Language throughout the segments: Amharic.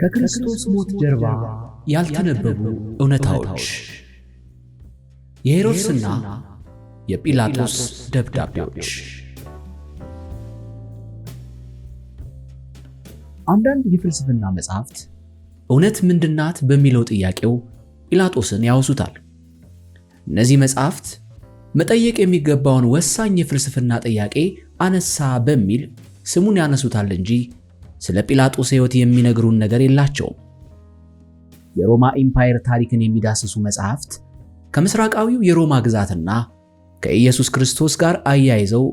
ከክርስቶስ ሞት ጀርባ ያልተነበቡ እውነታዎች፣ የሄሮድስና የጲላጦስ ደብዳቤዎች። አንዳንድ የፍልስፍና መጽሐፍት እውነት ምንድናት በሚለው ጥያቄው ጲላጦስን ያወሱታል። እነዚህ መጽሐፍት መጠየቅ የሚገባውን ወሳኝ የፍልስፍና ጥያቄ አነሳ በሚል ስሙን ያነሱታል እንጂ ስለ ጲላጦስ ሕይወት የሚነግሩን ነገር የላቸውም። የሮማ ኢምፓየር ታሪክን የሚዳስሱ መጽሐፍት ከምስራቃዊው የሮማ ግዛትና ከኢየሱስ ክርስቶስ ጋር አያይዘው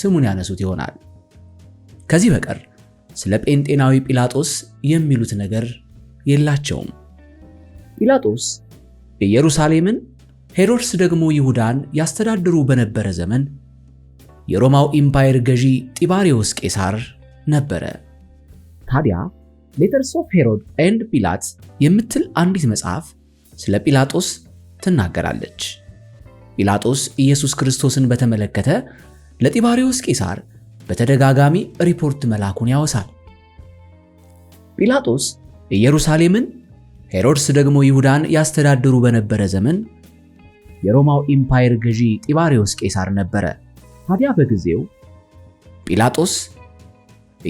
ስሙን ያነሱት ይሆናል። ከዚህ በቀር ስለ ጴንጤናዊ ጲላጦስ የሚሉት ነገር የላቸውም። ጲላጦስ ኢየሩሳሌምን፣ ሄሮድስ ደግሞ ይሁዳን ያስተዳድሩ በነበረ ዘመን የሮማው ኢምፓየር ገዢ ጢባሪዎስ ቄሳር ነበረ። ታዲያ ሌተርስ ኦፍ ሄሮድ ኤንድ ፒላትስ የምትል አንዲት መጽሐፍ ስለ ጲላጦስ ትናገራለች። ጲላጦስ ኢየሱስ ክርስቶስን በተመለከተ ለጢባሪዎስ ቄሳር በተደጋጋሚ ሪፖርት መላኩን ያወሳል። ጲላጦስ ኢየሩሳሌምን፣ ሄሮድስ ደግሞ ይሁዳን ያስተዳድሩ በነበረ ዘመን የሮማው ኢምፓየር ገዢ ጢባሪዎስ ቄሳር ነበረ። ታዲያ በጊዜው ጲላጦስ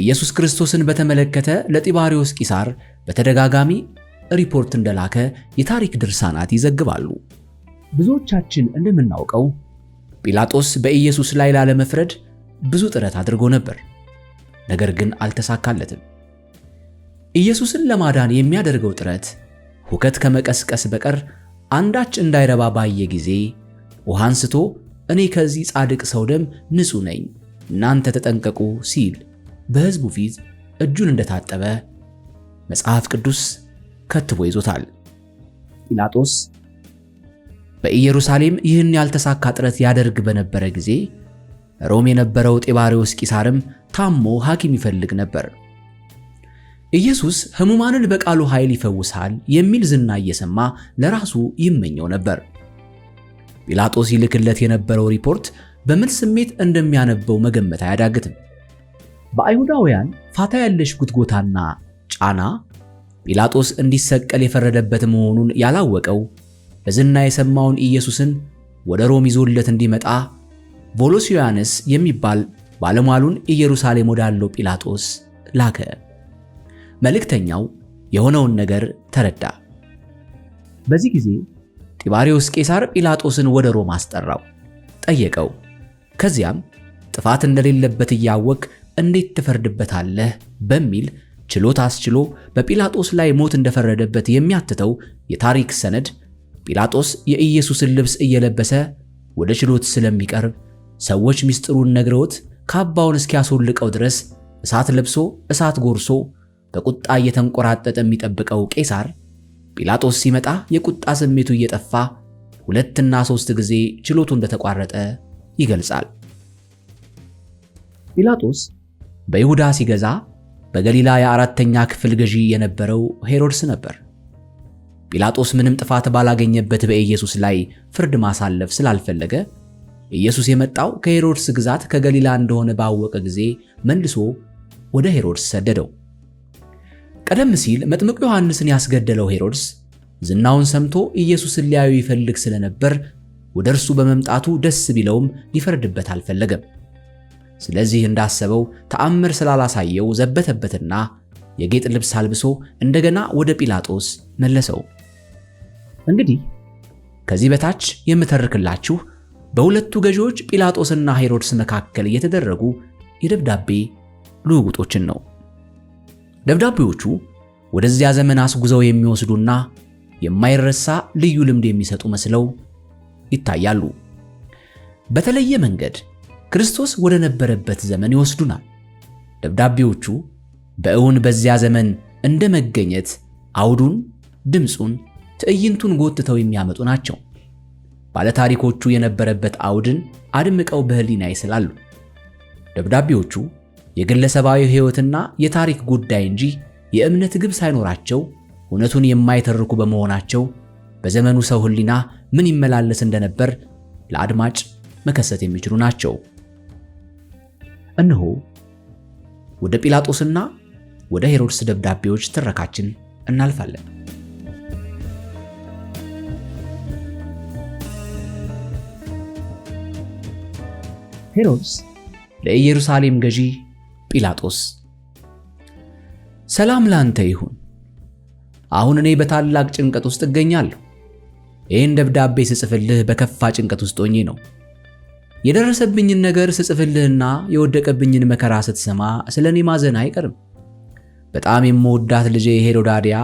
ኢየሱስ ክርስቶስን በተመለከተ ለጢባሪዎስ ቂሳር በተደጋጋሚ ሪፖርት እንደላከ የታሪክ ድርሳናት ይዘግባሉ። ብዙዎቻችን እንደምናውቀው ጲላጦስ በኢየሱስ ላይ ላለመፍረድ ብዙ ጥረት አድርጎ ነበር፣ ነገር ግን አልተሳካለትም። ኢየሱስን ለማዳን የሚያደርገው ጥረት ሁከት ከመቀስቀስ በቀር አንዳች እንዳይረባ ባየ ጊዜ ውሃ አንስቶ እኔ ከዚህ ጻድቅ ሰው ደም ንጹሕ ነኝ፣ እናንተ ተጠንቀቁ ሲል በሕዝቡ ፊት እጁን እንደታጠበ መጽሐፍ ቅዱስ ከትቦ ይዞታል። ጲላጦስ በኢየሩሳሌም ይህን ያልተሳካ ጥረት ያደርግ በነበረ ጊዜ ሮም የነበረው ጢባሪዎስ ቂሳርም ታሞ ሐኪም ይፈልግ ነበር። ኢየሱስ ሕሙማንን በቃሉ ኃይል ይፈውሳል የሚል ዝና እየሰማ ለራሱ ይመኘው ነበር። ጲላጦስ ይልክለት የነበረው ሪፖርት በምን ስሜት እንደሚያነበው መገመት አያዳግትም። በአይሁዳውያን ፋታ ያለሽ ጉትጎታና ጫና ጲላጦስ እንዲሰቀል የፈረደበት መሆኑን ያላወቀው በዝና የሰማውን ኢየሱስን ወደ ሮም ይዞለት እንዲመጣ ቮሎሲያንስ የሚባል ባለሟሉን ኢየሩሳሌም ወዳለው ጲላጦስ ላከ። መልእክተኛው የሆነውን ነገር ተረዳ። በዚህ ጊዜ ጢባሪዎስ ቄሳር ጲላጦስን ወደ ሮም አስጠራው፣ ጠየቀው። ከዚያም ጥፋት እንደሌለበት እያወቅ እንዴት ትፈርድበታለህ በሚል ችሎት አስችሎ በጲላጦስ ላይ ሞት እንደፈረደበት የሚያትተው የታሪክ ሰነድ ጲላጦስ የኢየሱስን ልብስ እየለበሰ ወደ ችሎት ስለሚቀርብ ሰዎች ምስጢሩን ነግረውት ካባውን እስኪያስወልቀው ድረስ እሳት ለብሶ እሳት ጎርሶ በቁጣ እየተንቆራጠጠ የሚጠብቀው ቄሳር ጲላጦስ ሲመጣ የቁጣ ስሜቱ እየጠፋ ሁለትና ሶስት ጊዜ ችሎቱ እንደተቋረጠ ይገልጻል። ጲላጦስ በይሁዳ ሲገዛ በገሊላ የአራተኛ ክፍል ገዢ የነበረው ሄሮድስ ነበር። ጲላጦስ ምንም ጥፋት ባላገኘበት በኢየሱስ ላይ ፍርድ ማሳለፍ ስላልፈለገ ኢየሱስ የመጣው ከሄሮድስ ግዛት ከገሊላ እንደሆነ ባወቀ ጊዜ መልሶ ወደ ሄሮድስ ሰደደው። ቀደም ሲል መጥምቅ ዮሐንስን ያስገደለው ሄሮድስ ዝናውን ሰምቶ ኢየሱስን ሊያዩ ይፈልግ ስለነበር ወደ እርሱ በመምጣቱ ደስ ቢለውም ሊፈርድበት አልፈለገም። ስለዚህ እንዳሰበው ተአምር ስላላሳየው ዘበተበትና የጌጥ ልብስ አልብሶ እንደገና ወደ ጲላጦስ መለሰው። እንግዲህ ከዚህ በታች የምተርክላችሁ በሁለቱ ገዢዎች ጲላጦስና ሄሮድስ መካከል የተደረጉ የደብዳቤ ልውውጦችን ነው። ደብዳቤዎቹ ወደዚያ ዘመን አስጉዘው የሚወስዱና የማይረሳ ልዩ ልምድ የሚሰጡ መስለው ይታያሉ። በተለየ መንገድ ክርስቶስ ወደ ነበረበት ዘመን ይወስዱናል። ደብዳቤዎቹ በእውን በዚያ ዘመን እንደ መገኘት አውዱን፣ ድምፁን፣ ትዕይንቱን ጎትተው የሚያመጡ ናቸው። ባለታሪኮቹ የነበረበት አውድን አድምቀው በህሊና ይስላሉ። ደብዳቤዎቹ የግለሰባዊ ሕይወትና የታሪክ ጉዳይ እንጂ የእምነት ግብ ሳይኖራቸው እውነቱን የማይተርኩ በመሆናቸው በዘመኑ ሰው ህሊና ምን ይመላለስ እንደነበር ለአድማጭ መከሰት የሚችሉ ናቸው። እነሆ ወደ ጲላጦስና ወደ ሄሮድስ ደብዳቤዎች ትረካችን እናልፋለን። ሄሮድስ ለኢየሩሳሌም ገዢ ጲላጦስ፣ ሰላም ላንተ ይሁን። አሁን እኔ በታላቅ ጭንቀት ውስጥ እገኛለሁ። ይህን ደብዳቤ ስጽፍልህ በከፋ ጭንቀት ውስጥ ሆኜ ነው። የደረሰብኝን ነገር ስጽፍልህና የወደቀብኝን መከራ ስትሰማ ስለ እኔ ማዘን አይቀርም። በጣም የምወዳት ልጄ ሄሮዳዲያ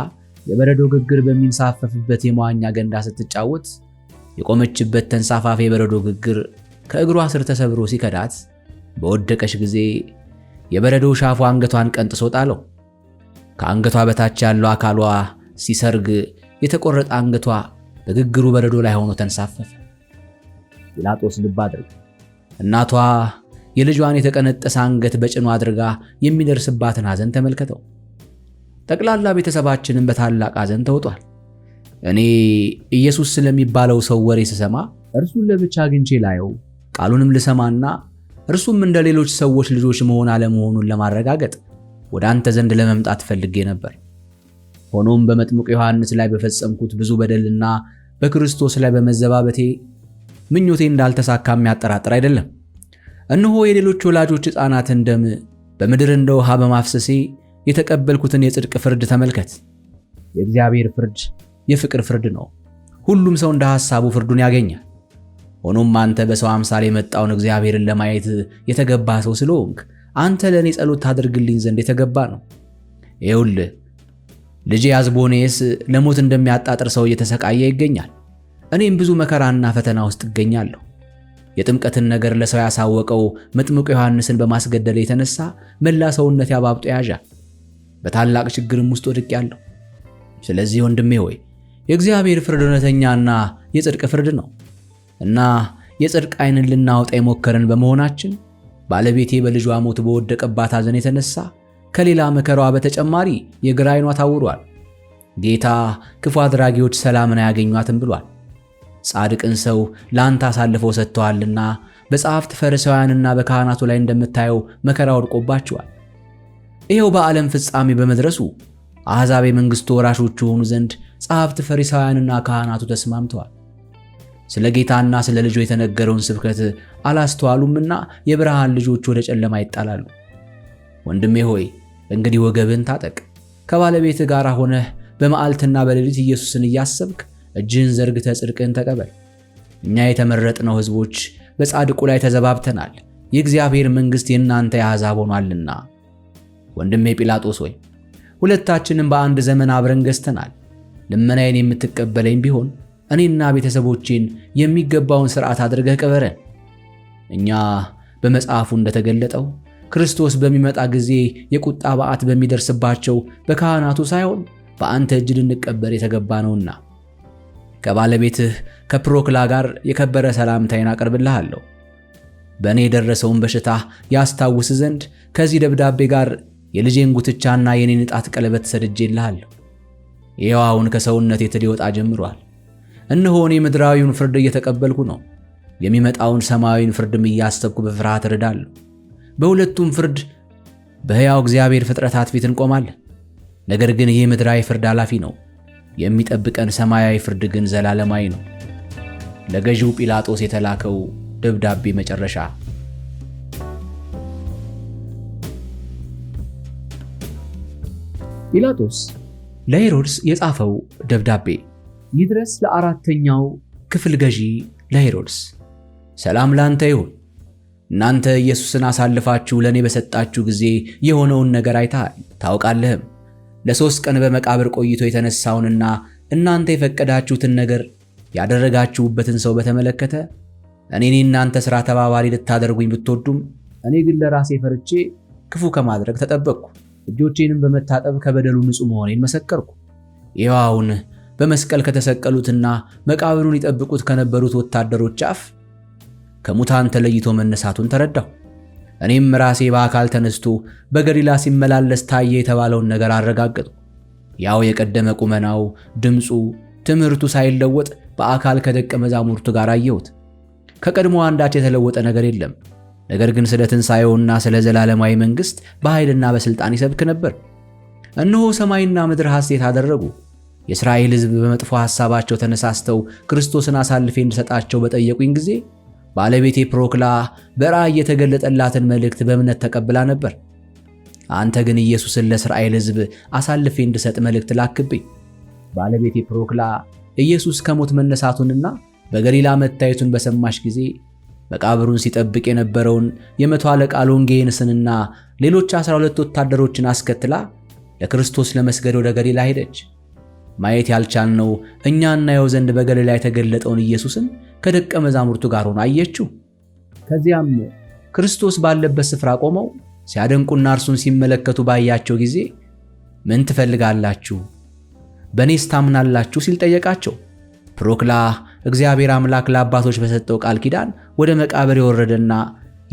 የበረዶ ግግር በሚንሳፈፍበት የመዋኛ ገንዳ ስትጫወት የቆመችበት ተንሳፋፊ የበረዶ ግግር ከእግሯ ስር ተሰብሮ ሲከዳት በወደቀች ጊዜ የበረዶ ሻፉ አንገቷን ቀንጥሶ ጣለው። ከአንገቷ በታች ያለው አካሏ ሲሰርግ የተቆረጠ አንገቷ በግግሩ በረዶ ላይ ሆኖ ተንሳፈፈ። ጲላጦስ ልብ አድርግ። እናቷ የልጇን የተቀነጠሰ አንገት በጭኑ አድርጋ የሚደርስባትን ሐዘን ተመልከተው። ጠቅላላ ቤተሰባችንን በታላቅ ሐዘን ተውጧል። እኔ ኢየሱስ ስለሚባለው ሰው ወሬ ስሰማ እርሱን ለብቻ አግኝቼ ላየው ቃሉንም ልሰማና እርሱም እንደ ሌሎች ሰዎች ልጆች መሆን አለመሆኑን ለማረጋገጥ ወደ አንተ ዘንድ ለመምጣት ፈልጌ ነበር። ሆኖም በመጥምቁ ዮሐንስ ላይ በፈጸምኩት ብዙ በደልና በክርስቶስ ላይ በመዘባበቴ ምኞቴ እንዳልተሳካ የሚያጠራጥር አይደለም። እነሆ የሌሎች ወላጆች ሕፃናትን ደም በምድር እንደ ውሃ በማፍሰሴ የተቀበልኩትን የጽድቅ ፍርድ ተመልከት። የእግዚአብሔር ፍርድ የፍቅር ፍርድ ነው። ሁሉም ሰው እንደ ሐሳቡ ፍርዱን ያገኛል። ሆኖም አንተ በሰው አምሳል የመጣውን እግዚአብሔርን ለማየት የተገባ ሰው ስለሆንክ አንተ ለእኔ ጸሎት ታደርግልኝ ዘንድ የተገባ ነው። ይውል ልጄ አዝቦኔስ ለሞት እንደሚያጣጥር ሰው እየተሰቃየ ይገኛል። እኔም ብዙ መከራና ፈተና ውስጥ እገኛለሁ። የጥምቀትን ነገር ለሰው ያሳወቀው መጥምቁ ዮሐንስን በማስገደል የተነሳ መላ ሰውነት ያባብጦ ያዣል። በታላቅ ችግርም ውስጥ ወድቄአለሁ። ስለዚህ ወንድሜ ሆይ የእግዚአብሔር ፍርድ እውነተኛና የጽድቅ ፍርድ ነው እና የጽድቅ ዓይንን ልናወጣ የሞከርን በመሆናችን ባለቤቴ በልጇ ሞት በወደቀባት ሐዘን የተነሳ ከሌላ መከራዋ በተጨማሪ የግራ ዓይኗ ታውሯል። ጌታ ክፉ አድራጊዎች ሰላምን አያገኟትም ብሏል። ጻድቅን ሰው ለአንተ አሳልፎ ሰጥተዋልና በጸሐፍት ፈሪሳውያንና በካህናቱ ላይ እንደምታየው መከራ ወድቆባቸዋል። ይኸው በዓለም ፍጻሜ በመድረሱ አሕዛብ የመንግሥቱ ወራሾች የሆኑ ዘንድ ጸሐፍት ፈሪሳውያንና ካህናቱ ተስማምተዋል። ስለ ጌታና ስለ ልጁ የተነገረውን ስብከት አላስተዋሉምና የብርሃን ልጆች ወደ ጨለማ ይጣላሉ። ወንድሜ ሆይ እንግዲህ ወገብን ታጠቅ፣ ከባለቤት ጋር ሆነህ በመዓልትና በሌሊት ኢየሱስን እያሰብክ እጅህን ዘርግተ ጽድቅን ተቀበል። እኛ የተመረጥነው ሕዝቦች በጻድቁ ላይ ተዘባብተናል፣ የእግዚአብሔር መንግሥት የእናንተ የአሕዛብ ሆኗልና። ወንድሜ ጲላጦስ ሆይ ሁለታችንም በአንድ ዘመን አብረን ገዝተናል። ልመናዬን የምትቀበለኝ ቢሆን እኔና ቤተሰቦቼን የሚገባውን ሥርዓት አድርገህ ቅበረን። እኛ በመጽሐፉ እንደተገለጠው ክርስቶስ በሚመጣ ጊዜ የቁጣ በዓት በሚደርስባቸው በካህናቱ ሳይሆን በአንተ እጅ ልንቀበር የተገባ ነውና ከባለቤትህ ከፕሮክላ ጋር የከበረ ሰላምታይን አቀርብልሃለሁ። በእኔ የደረሰውን በሽታ ያስታውስ ዘንድ ከዚህ ደብዳቤ ጋር የልጄን ጉትቻና የኔን ንጣት ቀለበት ሰድጄልሃለሁ። ይኸው አሁን ከሰውነት ሊወጣ ጀምሯል። እነሆ እኔ ምድራዊውን ፍርድ እየተቀበልኩ ነው። የሚመጣውን ሰማያዊን ፍርድም እያሰብኩ በፍርሃት እርዳለሁ። በሁለቱም ፍርድ በሕያው እግዚአብሔር ፍጥረታት ፊት እንቆማለን። ነገር ግን ይህ ምድራዊ ፍርድ ኃላፊ ነው። የሚጠብቀን ሰማያዊ ፍርድ ግን ዘላለማዊ ነው። ለገዢው ጲላጦስ የተላከው ደብዳቤ መጨረሻ ጲላጦስ ለሄሮድስ የጻፈው ደብዳቤ ይድረስ ለአራተኛው ክፍል ገዢ ለሄሮድስ። ሰላም ላንተ ይሁን። እናንተ ኢየሱስን አሳልፋችሁ ለእኔ በሰጣችሁ ጊዜ የሆነውን ነገር አይታል ታውቃለህም። ለሶስት ቀን በመቃብር ቆይቶ የተነሳውንና እናንተ የፈቀዳችሁትን ነገር ያደረጋችሁበትን ሰው በተመለከተ እኔን እናንተ ሥራ ተባባሪ ልታደርጉኝ ብትወዱም እኔ ግን ለራሴ ፈርቼ ክፉ ከማድረግ ተጠበቅኩ። እጆቼንም በመታጠብ ከበደሉ ንጹሕ መሆኔን መሰከርኩ። ይዋውን በመስቀል ከተሰቀሉትና መቃብሩን ይጠብቁት ከነበሩት ወታደሮች አፍ ከሙታን ተለይቶ መነሳቱን ተረዳሁ። እኔም ራሴ በአካል ተነስቶ በገሊላ ሲመላለስ ታየ የተባለውን ነገር አረጋገጡ። ያው የቀደመ ቁመናው፣ ድምፁ፣ ትምህርቱ ሳይለወጥ በአካል ከደቀ መዛሙርቱ ጋር አየሁት። ከቀድሞ አንዳች የተለወጠ ነገር የለም። ነገር ግን ስለ ትንሣኤውና ስለ ዘላለማዊ መንግሥት በኃይልና በሥልጣን ይሰብክ ነበር። እነሆ ሰማይና ምድር ሐሴት አደረጉ። የእስራኤል ሕዝብ በመጥፎ ሐሳባቸው ተነሳስተው ክርስቶስን አሳልፌ እንድሰጣቸው በጠየቁኝ ጊዜ ባለቤቴ ፕሮክላ በራእይ የተገለጠላትን መልእክት በእምነት ተቀብላ ነበር። አንተ ግን ኢየሱስን ለእስራኤል ሕዝብ አሳልፌ እንድሰጥ መልእክት ላክብኝ። ባለቤቴ ፕሮክላ ኢየሱስ ከሞት መነሳቱንና በገሊላ መታየቱን በሰማሽ ጊዜ መቃብሩን ሲጠብቅ የነበረውን የመቶ አለቃ ሎንጌንስንና ሌሎች አስራ ሁለት ወታደሮችን አስከትላ ለክርስቶስ ለመስገድ ወደ ገሊላ ሄደች። ማየት ያልቻልነው እኛ እናየው ዘንድ በገሊላ የተገለጠውን ኢየሱስን ከደቀ መዛሙርቱ ጋር ሆኖ አየችው። ከዚያም ክርስቶስ ባለበት ስፍራ ቆመው ሲያደንቁና እርሱን ሲመለከቱ ባያቸው ጊዜ ምን ትፈልጋላችሁ? በእኔስ ታምናላችሁ? ሲል ጠየቃቸው። ፕሮክላ እግዚአብሔር አምላክ ለአባቶች በሰጠው ቃል ኪዳን ወደ መቃብር የወረደና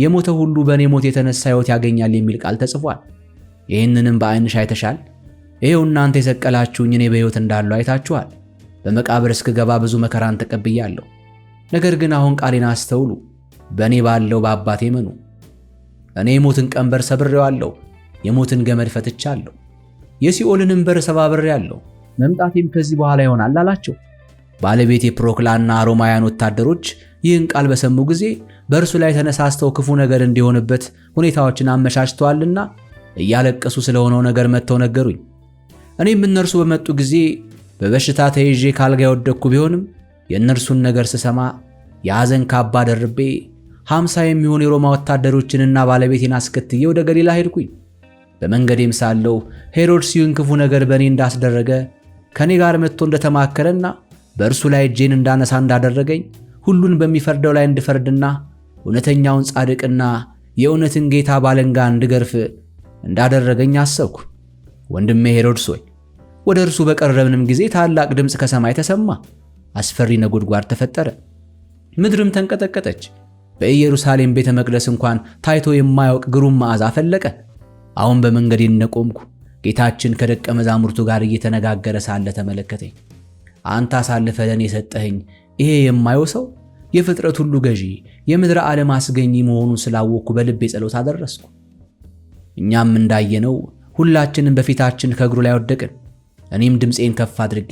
የሞተ ሁሉ በእኔ ሞት የተነሳ ሕይወት ያገኛል የሚል ቃል ተጽፏል። ይህንንም በዓይንሽ አይተሻል፣ ይሄው እናንተ የሰቀላችሁኝ እኔ በሕይወት እንዳለሁ አይታችኋል። በመቃብር እስክገባ ብዙ መከራን ተቀብያለሁ። ነገር ግን አሁን ቃሌን አስተውሉ፣ በእኔ ባለው በአባቴ መኑ። እኔ የሞትን ቀንበር ሰብሬዋለሁ፣ የሞትን ገመድ ፈትቻለሁ፣ የሲኦልንም በር ሰባብሬያለሁ። መምጣቴም ከዚህ በኋላ ይሆናል አላቸው። ባለቤት የፕሮክላና ሮማውያን ወታደሮች ይህን ቃል በሰሙ ጊዜ በእርሱ ላይ ተነሳስተው ክፉ ነገር እንዲሆንበት ሁኔታዎችን አመቻችተዋልና እያለቀሱ ስለሆነው ነገር መጥተው ነገሩኝ። እኔም እነርሱ በመጡ ጊዜ በበሽታ ተይዤ ካልጋ ያወደኩ ቢሆንም የእነርሱን ነገር ስሰማ የሐዘን ካባ ደርቤ ሀምሳ የሚሆኑ የሮማ ወታደሮችንና ባለቤቴን አስከትዬ ወደ ገሊላ ሄድኩኝ። በመንገዴም ሳለው ሄሮድስ ይህን ክፉ ነገር በእኔ እንዳስደረገ ከእኔ ጋር መጥቶ እንደተማከረና በእርሱ ላይ እጄን እንዳነሳ እንዳደረገኝ ሁሉን በሚፈርደው ላይ እንድፈርድና እውነተኛውን ጻድቅና የእውነትን ጌታ ባለንጋ እንድገርፍ እንዳደረገኝ አሰብኩ። ወንድሜ ሄሮድስ ሆይ ወደ እርሱ በቀረብንም ጊዜ ታላቅ ድምፅ ከሰማይ ተሰማ፣ አስፈሪ ነጎድጓድ ተፈጠረ፣ ምድርም ተንቀጠቀጠች። በኢየሩሳሌም ቤተ መቅደስ እንኳን ታይቶ የማያውቅ ግሩም መዓዛ ፈለቀ። አሁን በመንገድ እንደቆምኩ ጌታችን ከደቀ መዛሙርቱ ጋር እየተነጋገረ ሳለ ተመለከተኝ። አንተ አሳልፈ ለእኔ የሰጠኸኝ ይሄ የማየው ሰው የፍጥረት ሁሉ ገዢ፣ የምድር ዓለም አስገኝ መሆኑን ስላወቅኩ በልቤ ጸሎት አደረስኩ። እኛም እንዳየነው ሁላችንም በፊታችን ከእግሩ ላይ ወደቅን። እኔም ድምፄን ከፍ አድርጌ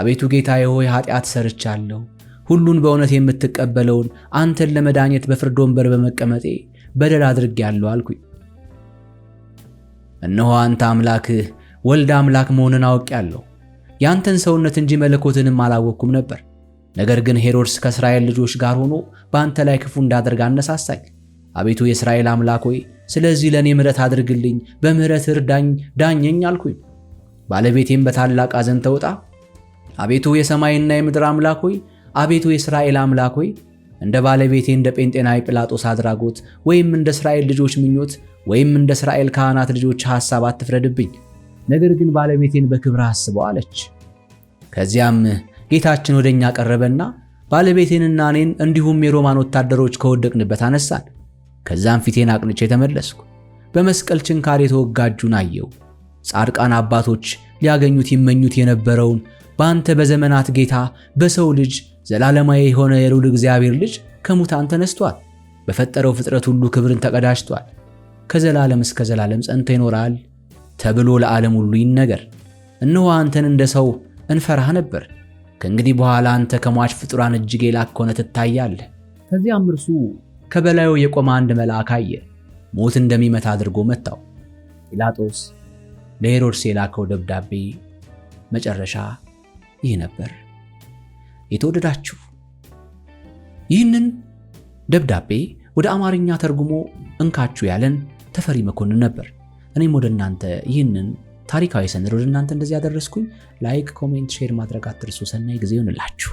አቤቱ ጌታዬ ሆይ ኃጢአት ሰርቻለሁ፣ ሁሉን በእውነት የምትቀበለውን አንተን ለመዳኘት በፍርድ ወንበር በመቀመጤ በደል አድርጌያለሁ አልኩኝ። እነሆ አንተ አምላክህ ወልድ አምላክ መሆንን ያለው ያንተን ሰውነት እንጂ መለኮትንም አላወቅኩም ነበር። ነገር ግን ሄሮድስ ከእስራኤል ልጆች ጋር ሆኖ በአንተ ላይ ክፉ እንዳደርግ አነሳሳኝ። አቤቱ የእስራኤል አምላክ ሆይ ስለዚህ ለእኔ ምረት አድርግልኝ፣ በምረት እርዳኝ፣ ዳኘኝ አልኩኝ። ባለቤቴም በታላቅ አዘን ተውጣ፣ አቤቱ የሰማይና የምድር አምላክ ሆይ፣ አቤቱ የእስራኤል አምላክ ሆይ እንደ ባለቤቴ እንደ ጴንጤናዊ ጲላጦስ አድራጎት ወይም እንደ እስራኤል ልጆች ምኞት ወይም እንደ እስራኤል ካህናት ልጆች ሐሳብ አትፍረድብኝ፣ ነገር ግን ባለቤቴን በክብር አስበው አለች። ከዚያም ጌታችን ወደ እኛ ቀረበና ባለቤቴንና እኔን እንዲሁም የሮማን ወታደሮች ከወደቅንበት አነሳን። ከዛም ፊቴን አቅንቼ ተመለስኩ። በመስቀል ችንካር የተወጋ አየው። ጻድቃን አባቶች ሊያገኙት ይመኙት የነበረውን በአንተ በዘመናት ጌታ በሰው ልጅ ዘላለማዊ የሆነ የልዑል እግዚአብሔር ልጅ ከሙታን ተነስቷል። በፈጠረው ፍጥረት ሁሉ ክብርን ተቀዳጅቷል። ከዘላለም እስከ ዘላለም ጸንቶ ይኖራል ተብሎ ለዓለም ሁሉ ይነገር። እነሆ አንተን እንደ ሰው እንፈራህ ነበር። ከእንግዲህ በኋላ አንተ ከሟች ፍጡራን እጅግ የላቅ ሆነ ትታያለህ። ከዚያም እርሱ ከበላዩ የቆመ አንድ መልአክ አየ፣ ሞት እንደሚመታ አድርጎ መታው። ጲላጦስ ለሄሮድስ የላከው ደብዳቤ መጨረሻ ይህ ነበር። የተወደዳችሁ ይህንን ደብዳቤ ወደ አማርኛ ተርጉሞ እንካችሁ ያለን ተፈሪ መኮንን ነበር። እኔም ወደ እናንተ ይህንን ታሪካዊ ሰነድ ወደ እናንተ እንደዚህ ያደረስኩኝ። ላይክ፣ ኮሜንት፣ ሼር ማድረግ አትርሱ። ሰናይ ጊዜ ይሆንላችሁ።